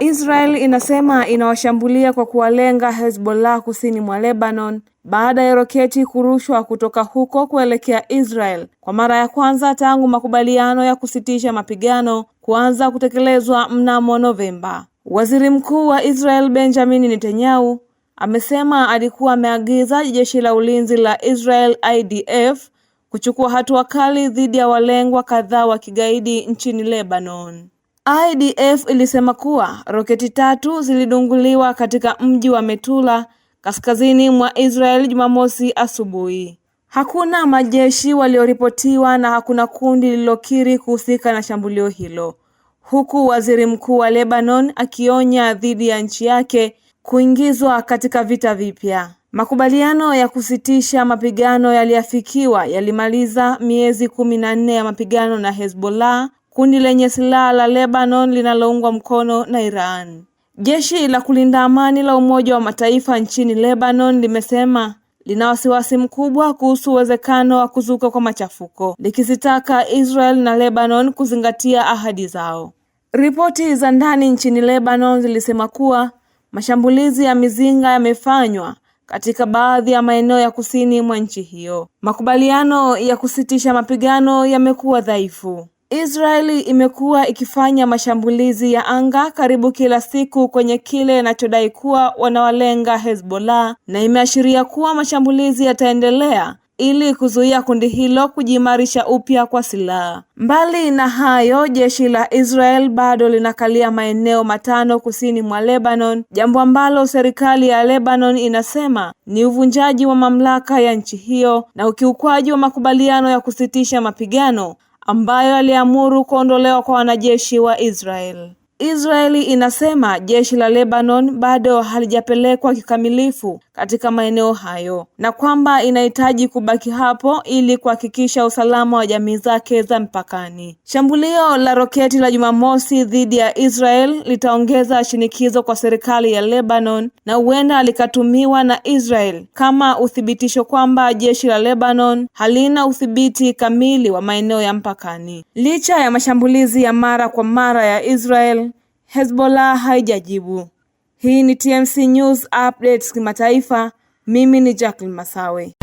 Israel inasema inawashambulia kwa kuwalenga Hezbollah kusini mwa Lebanon baada ya roketi kurushwa kutoka huko kuelekea Israel kwa mara ya kwanza tangu makubaliano ya kusitisha mapigano kuanza kutekelezwa mnamo Novemba. Waziri Mkuu wa Israel Benjamin Netanyahu amesema alikuwa ameagiza jeshi la ulinzi la Israel IDF kuchukua hatua kali dhidi ya walengwa kadhaa wa kigaidi nchini Lebanon. IDF ilisema kuwa roketi tatu zilidunguliwa katika mji wa Metula kaskazini mwa Israel Jumamosi asubuhi. Hakuna majeshi walioripotiwa na hakuna kundi lililokiri kuhusika na shambulio hilo, huku waziri mkuu wa Lebanon akionya dhidi ya nchi yake kuingizwa katika vita vipya. Makubaliano ya kusitisha mapigano yaliyafikiwa yalimaliza miezi kumi na nne ya mapigano na Hezbollah kundi lenye silaha la Lebanon linaloungwa mkono na Iran. Jeshi la kulinda amani la Umoja wa Mataifa nchini Lebanon limesema lina wasiwasi mkubwa kuhusu uwezekano wa kuzuka kwa machafuko, likizitaka Israel na Lebanon kuzingatia ahadi zao. Ripoti za ndani nchini Lebanon zilisema kuwa mashambulizi ya mizinga yamefanywa katika baadhi ya maeneo ya kusini mwa nchi hiyo. Makubaliano ya kusitisha mapigano yamekuwa dhaifu. Israeli imekuwa ikifanya mashambulizi ya anga karibu kila siku kwenye kile inachodai kuwa wanawalenga Hezbollah na imeashiria kuwa mashambulizi yataendelea ili kuzuia kundi hilo kujiimarisha upya kwa silaha. Mbali na hayo, jeshi la Israel bado linakalia maeneo matano kusini mwa Lebanon, jambo ambalo serikali ya Lebanon inasema ni uvunjaji wa mamlaka ya nchi hiyo na ukiukwaji wa makubaliano ya kusitisha mapigano ambayo aliamuru kuondolewa kwa wanajeshi wa Israel Israeli inasema jeshi la Lebanon bado halijapelekwa kikamilifu katika maeneo hayo na kwamba inahitaji kubaki hapo ili kuhakikisha usalama wa jamii zake za mpakani. Shambulio la roketi la Jumamosi dhidi ya Israel litaongeza shinikizo kwa serikali ya Lebanon na huenda likatumiwa na Israel kama uthibitisho kwamba jeshi la Lebanon halina udhibiti kamili wa maeneo ya mpakani. Licha ya mashambulizi ya mara kwa mara ya Israel Hezbollah haijajibu. Hii ni TMC News Updates kimataifa. Mimi ni Jacqueline Masawe.